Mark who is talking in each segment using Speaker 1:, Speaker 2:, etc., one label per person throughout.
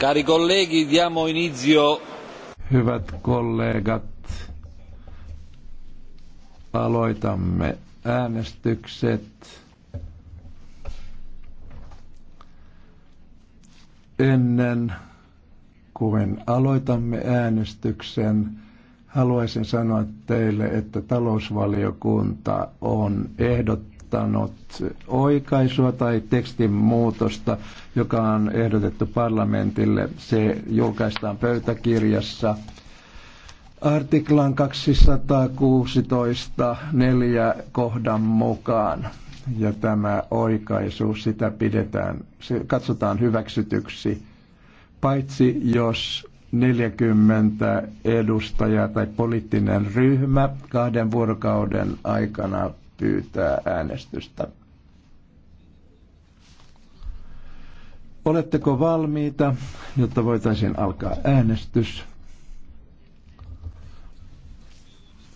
Speaker 1: Cari colleghi, diamo inizio. Hyvät kollegat, aloitamme äänestykset. Ennen kuin aloitamme äänestyksen, haluaisin sanoa teille, että talousvaliokunta on ehdottanut, ehdottanut oikaisua tai tekstin muutosta, joka on ehdotettu parlamentille. Se julkaistaan pöytäkirjassa. Artiklan 216 neljä kohdan mukaan. Ja tämä oikaisu, sitä pidetään, se katsotaan hyväksytyksi, paitsi jos 40 edustajaa tai poliittinen ryhmä kahden vuorokauden aikana pyytää äänestystä. Oletteko valmiita, jotta voitaisiin alkaa äänestys?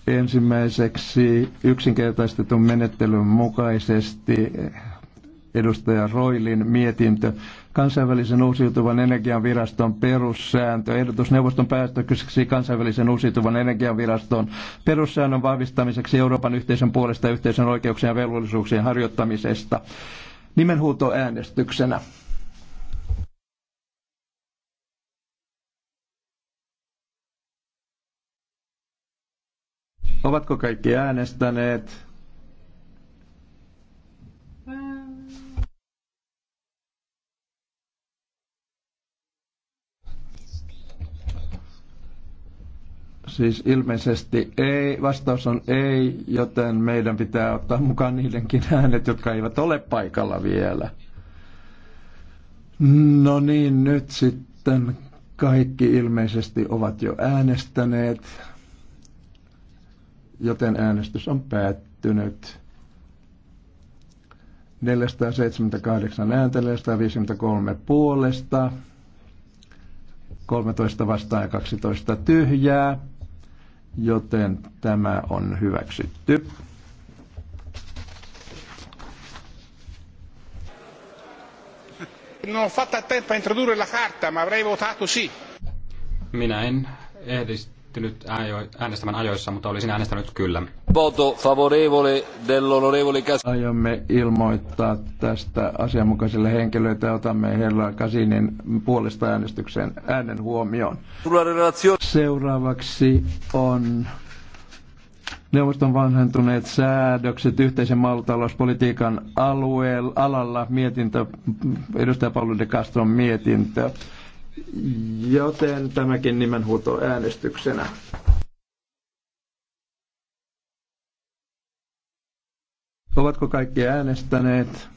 Speaker 1: Ensimmäiseksi yksinkertaistetun menettelyn mukaisesti edustaja Roilin mietintö kansainvälisen uusiutuvan energian viraston perussääntö. Ehdotus neuvoston päästökysiksi kansainvälisen uusiutuvan energian viraston perussäännön vahvistamiseksi Euroopan yhteisön puolesta yhteisön oikeuksien ja velvollisuuksien harjoittamisesta nimenhuutoäänestyksenä. Ovatko kaikki äänestäneet? Siis ilmeisesti ei, vastaus on ei, joten meidän pitää ottaa mukaan niidenkin äänet, jotka eivät ole paikalla vielä. No niin, nyt sitten kaikki ilmeisesti ovat jo äänestäneet, joten äänestys on päättynyt. 478 ääntä, 453 puolesta, 13 vastaan ja 12 tyhjää joten tämä on hyväksytty. Non ho fatto a tempo a introdurre la carta, ma avrei votato sì. Minä en ehdist, ehtinyt äänestämään ajoissa, mutta olisin äänestänyt kyllä. Voto favorevole dell'onorevole Cas... Aiomme ilmoittaa tästä asianmukaiselle henkilölle, että otamme Herra Kasinin puolesta äänestyksen äänen huomioon. Seuraavaksi on neuvoston vanhentuneet säädökset yhteisen maalutalouspolitiikan alueella, alalla, mietintö, edustaja Paulu de Castron mietintö. Joten tämäkin nimenhuuto äänestyksenä. Ovatko kaikki äänestäneet?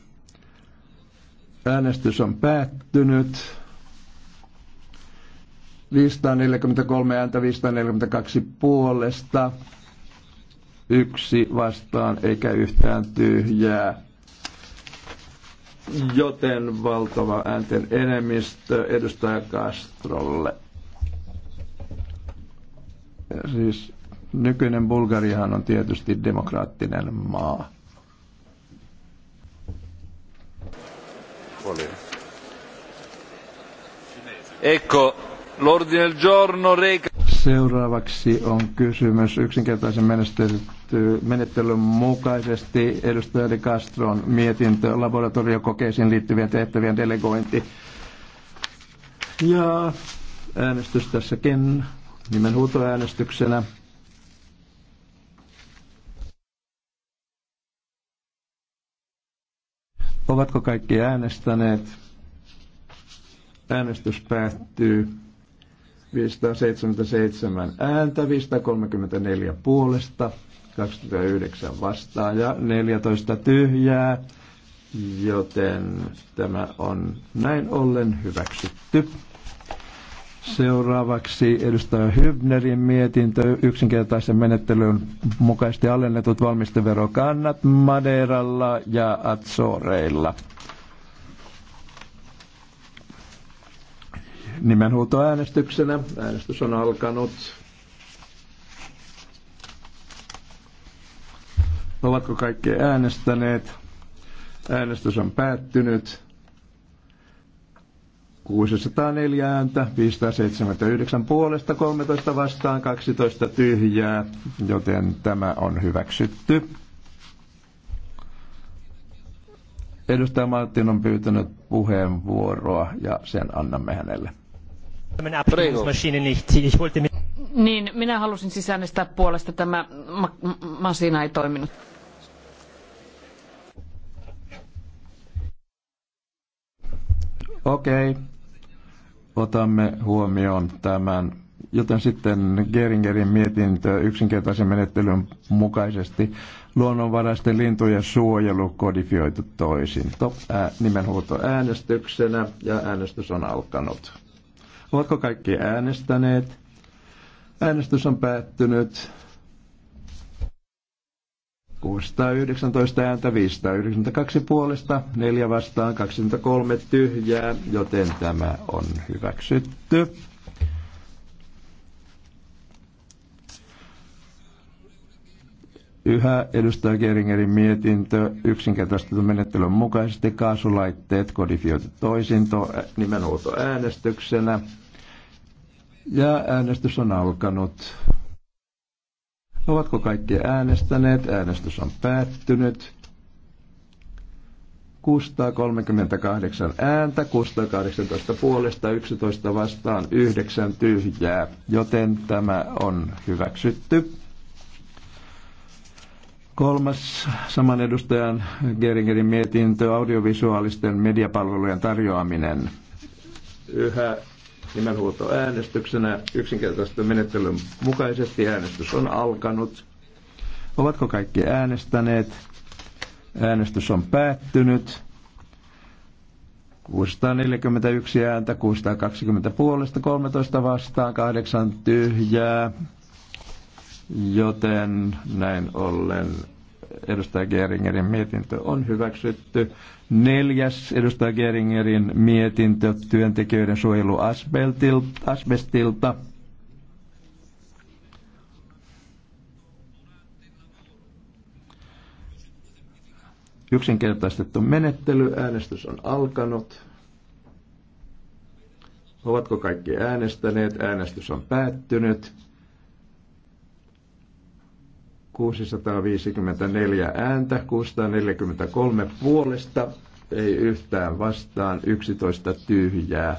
Speaker 1: Äänestys on päättynyt. 543 ääntä 542 puolesta, yksi vastaan eikä yhtään tyhjää joten valtava äänten enemmistö edustaja Castrolle. Siis nykyinen Bulgariahan on tietysti demokraattinen maa. Ecco, l'ordine del giorno reca... Seuraavaksi on kysymys yksinkertaisen menettelyn mukaisesti edustaja De Castron mietintö laboratoriokokeisiin liittyvien tehtävien delegointi. Ja äänestys tässäkin nimenhuutoäänestyksenä. Ovatko kaikki äänestäneet? Äänestys päättyy. 577 ääntä, 534 puolesta, 29 vastaan ja 14 tyhjää, joten tämä on näin ollen hyväksytty. Seuraavaksi edustaja Hybnerin mietintö yksinkertaisen menettelyn mukaisesti alennetut valmisteverokannat Madeiralla ja Azoreilla. nimenhuutoäänestyksenä. Äänestys on alkanut. Ovatko kaikki äänestäneet? Äänestys on päättynyt. 604 ääntä, 579 puolesta, 13 vastaan, 12 tyhjää, joten tämä on hyväksytty. Edustaja Martin on pyytänyt puheenvuoroa ja sen annamme hänelle. Niin, minä halusin sisäänestää puolesta. Tämä masina ei toiminut. Okei. Okay. Otamme huomioon tämän. Joten sitten Geringerin mietintö yksinkertaisen menettelyn mukaisesti luonnonvaraisten lintujen suojelu kodifioitu toisin. Top, ää, nimenhuuto äänestyksenä ja äänestys on alkanut. Ovatko kaikki äänestäneet? Äänestys on päättynyt. 619 ääntä, 592 puolesta, 4 vastaan, 23 tyhjää, joten tämä on hyväksytty. Yhä edustaja Geringerin mietintö yksinkertaistetun menettelyn mukaisesti kaasulaitteet kodifioitu toisinto nimenhuuto äänestyksenä. Ja äänestys on alkanut. Ovatko kaikki äänestäneet? Äänestys on päättynyt. 638 ääntä, 618 puolesta, 11 vastaan, 9 tyhjää, joten tämä on hyväksytty. Kolmas saman edustajan Geringerin mietintö, audiovisuaalisten mediapalvelujen tarjoaminen. Yhä nimenhuuto äänestyksenä yksinkertaisesti menettelyn mukaisesti äänestys on alkanut. Ovatko kaikki äänestäneet? Äänestys on päättynyt. 641 ääntä, 620 puolesta, 13 vastaan, 8 tyhjää. Joten näin ollen edustaja Geringerin mietintö on hyväksytty. Neljäs edustaja Geringerin mietintö työntekijöiden suojelu asbestilta. Yksinkertaistettu menettely, äänestys on alkanut. Ovatko kaikki äänestäneet? Äänestys on päättynyt. 654 ääntä, 643 puolesta, ei yhtään vastaan, 11 tyhjää.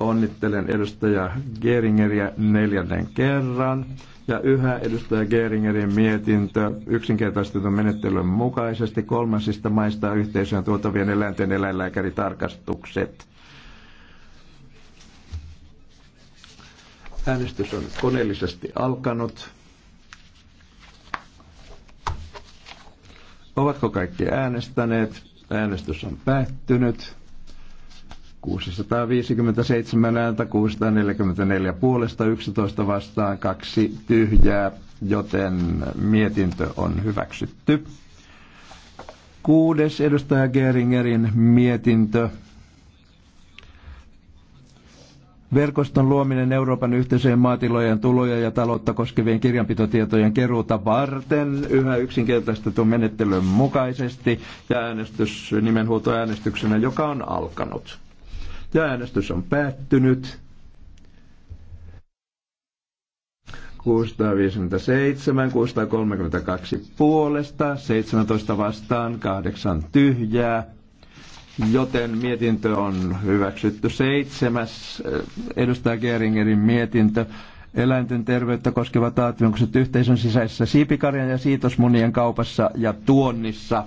Speaker 1: Onnittelen edustaja Geringeriä neljännen kerran. Ja yhä edustaja Geringerin mietintö yksinkertaistetun menettelyn mukaisesti kolmansista maista yhteisöön tuotavien eläinten eläinlääkäritarkastukset. Äänestys on koneellisesti alkanut. Ovatko kaikki äänestäneet? Äänestys on päättynyt. 657 ääntä, 644 puolesta, 11 vastaan, kaksi tyhjää, joten mietintö on hyväksytty. Kuudes edustaja Geringerin mietintö Verkoston luominen Euroopan yhteisöjen maatilojen tuloja ja taloutta koskevien kirjanpitotietojen keruuta varten yhä yksinkertaistetun menettelyn mukaisesti ja äänestys nimenhuutoäänestyksenä, joka on alkanut. Ja äänestys on päättynyt. 657, 632 puolesta, 17 vastaan, 8 tyhjää joten mietintö on hyväksytty. Seitsemäs eh, edustaja Geringerin mietintö. Eläinten terveyttä koskevat vaatimukset yhteisön sisäisessä siipikarjan ja siitosmunien kaupassa ja tuonnissa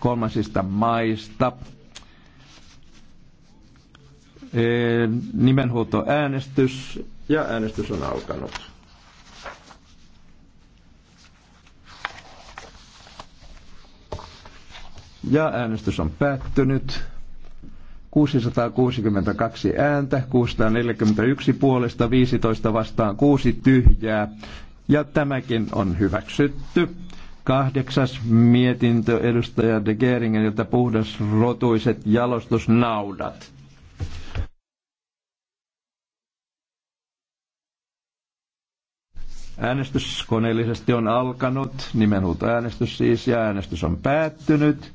Speaker 1: kolmansista maista. Eh, Nimenhuuto äänestys ja äänestys on alkanut. Ja äänestys on päättynyt. 662 ääntä, 641 puolesta, 15 vastaan, 6 tyhjää. Ja tämäkin on hyväksytty. Kahdeksas mietintö edustaja De puhdas rotuiset jalostusnaudat. Äänestys koneellisesti on alkanut, nimenhuuto äänestys siis, ja äänestys on päättynyt.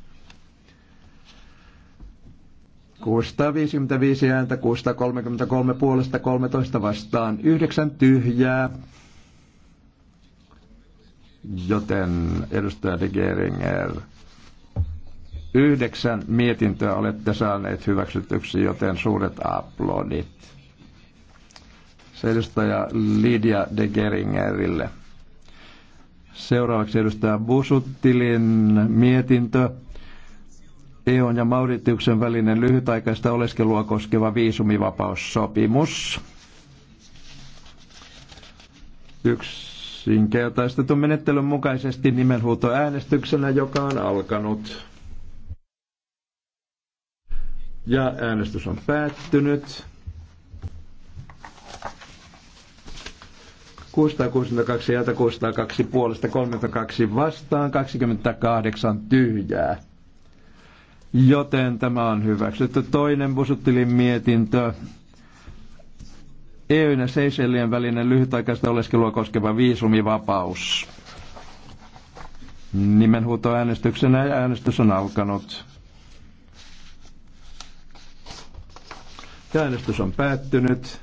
Speaker 1: 655 ääntä, 633 puolesta, 13 vastaan, 9 tyhjää. Joten edustaja De Geringer, yhdeksän mietintöä olette saaneet hyväksytyksi, joten suuret aplodit. Se edustaja Lydia De Geringerille. Seuraavaksi edustaja Busuttilin mietintö. EUn ja Mauritiuksen välinen lyhytaikaista oleskelua koskeva viisumivapaussopimus. Yksinkertaistetun menettelyn mukaisesti nimenhuuto äänestyksenä, joka on alkanut. Ja äänestys on päättynyt. 662 ja 602 puolesta 32 vastaan, 28 tyhjää joten tämä on hyväksytty. Toinen Busuttilin mietintö. EU ja Seychellien välinen lyhytaikaista oleskelua koskeva viisumivapaus. Nimenhuutoäänestyksenä äänestys on alkanut. Ja äänestys on päättynyt.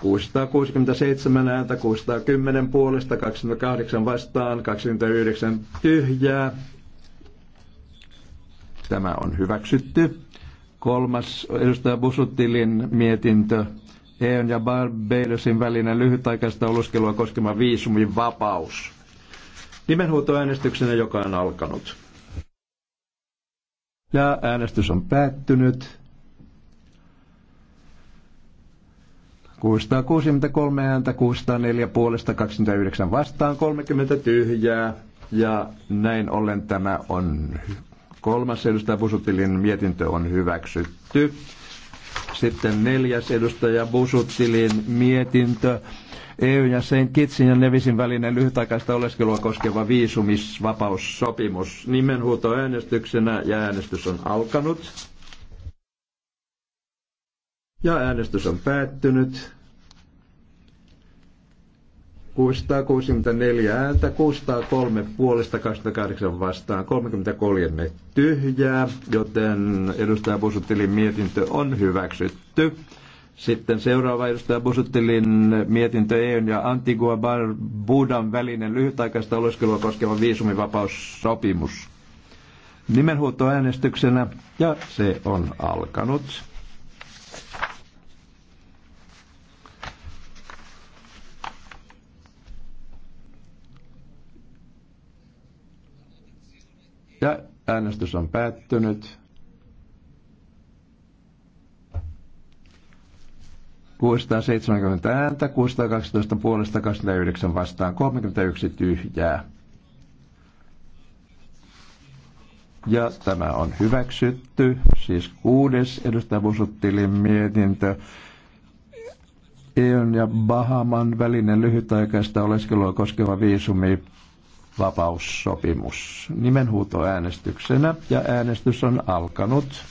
Speaker 1: 667 ääntä, 610 puolesta, 28 vastaan, 29 tyhjää. Tämä on hyväksytty. Kolmas edustaja Busuttilin mietintö. EUn ja Barbadosin välinen lyhytaikaista oluskelua koskema viisumin vapaus. Nimenhuutoäänestyksenä, joka on alkanut. Ja äänestys on päättynyt. 663 ääntä, 604 puolesta, 29 vastaan, 30 tyhjää. Ja näin ollen tämä on Kolmas edustaja Busutilin mietintö on hyväksytty. Sitten neljäs edustaja Busuttilin mietintö. EU ja sen Kitsin ja Nevisin välinen lyhytaikaista oleskelua koskeva viisumisvapaussopimus. Nimenhuuto äänestyksenä ja äänestys on alkanut. Ja äänestys on päättynyt. 664 ääntä, 603 puolesta, 28 vastaan, 33 tyhjää, joten edustaja Busuttilin mietintö on hyväksytty. Sitten seuraava edustaja Busuttilin mietintö EUn ja Antigua Barbudan välinen lyhytaikaista oleskelua koskeva viisumivapaussopimus. äänestyksenä ja se on alkanut. Ja äänestys on päättynyt. 670 ääntä, 612 puolesta, 29 vastaan, 31 tyhjää. Ja tämä on hyväksytty, siis kuudes edustaja Busuttilin mietintö. EUn ja Bahaman välinen lyhytaikaista oleskelua koskeva viisumi vapaussopimus nimenhuutoäänestyksenä ja äänestys on alkanut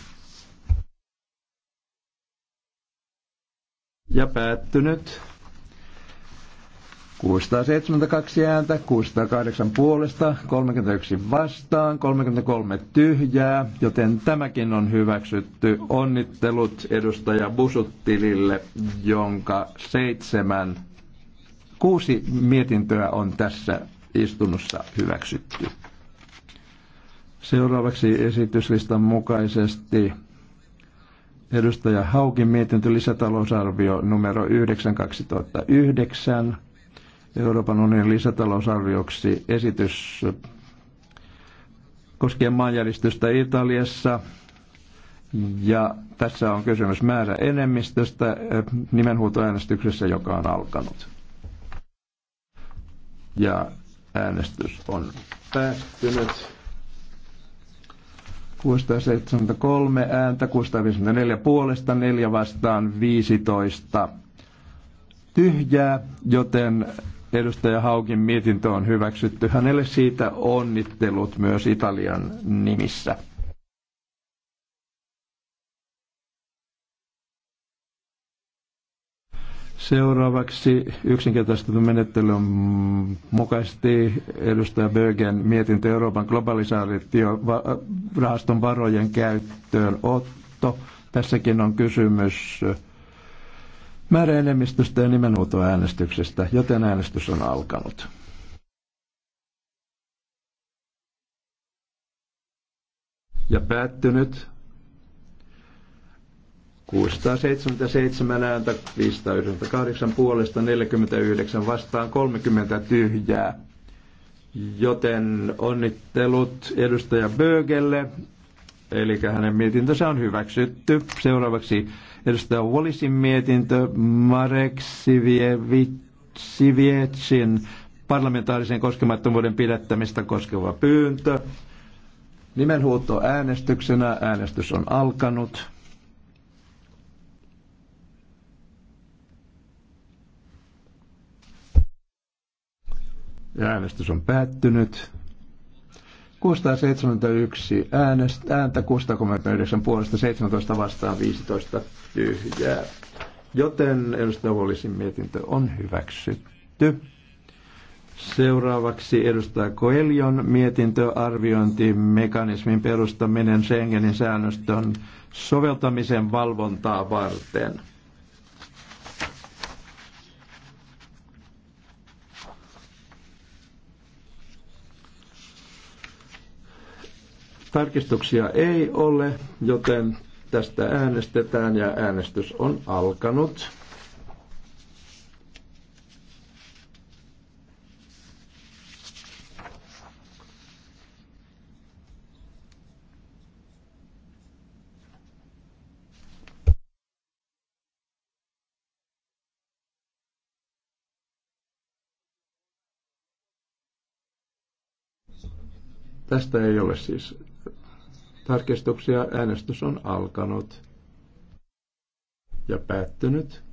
Speaker 1: ja päättynyt. 672 ääntä, 608 puolesta, 31 vastaan, 33 tyhjää, joten tämäkin on hyväksytty. Onnittelut edustaja Busuttilille, jonka seitsemän, kuusi mietintöä on tässä istunnossa hyväksytty. Seuraavaksi esityslistan mukaisesti edustaja Haukin mietintö lisätalousarvio numero 9 2009. Euroopan unionin lisätalousarvioksi esitys koskien maanjäristystä Italiassa. Ja tässä on kysymys määrä enemmistöstä eh, nimenhuutoäänestyksessä, joka on alkanut. Ja Äänestys on päättynyt. 673 ääntä, 654 puolesta, 4 vastaan 15 tyhjää, joten edustaja Haukin mietintö on hyväksytty. Hänelle siitä onnittelut myös Italian nimissä. Seuraavaksi yksinkertaistetun menettelyn mukaisesti edustaja Bögen mietintö Euroopan globalisaatiorahaston varojen käyttöön otto. Tässäkin on kysymys määräenemmistöstä ja nimenhuutoäänestyksestä, joten äänestys on alkanut. Ja päättynyt. 677 ääntä, 598 puolesta, 49 vastaan, 30 tyhjää. Joten onnittelut edustaja Bögelle, eli hänen mietintönsä on hyväksytty. Seuraavaksi edustaja Wallisin mietintö Marek Sivietsin parlamentaarisen koskemattomuuden pidättämistä koskeva pyyntö. Nimenhuuto äänestyksenä. Äänestys on alkanut. Äänestys on päättynyt. 671 äänestä, ääntä, 639 puolesta, 17 vastaan, 15 tyhjää. Joten edustajavuolisin mietintö on hyväksytty. Seuraavaksi edustaja Koelion mietintö arviointimekanismin perustaminen Schengenin säännöstön soveltamisen valvontaa varten. Tarkistuksia ei ole, joten tästä äänestetään ja äänestys on alkanut. Tästä ei ole siis tarkistuksia. Äänestys on alkanut ja päättynyt.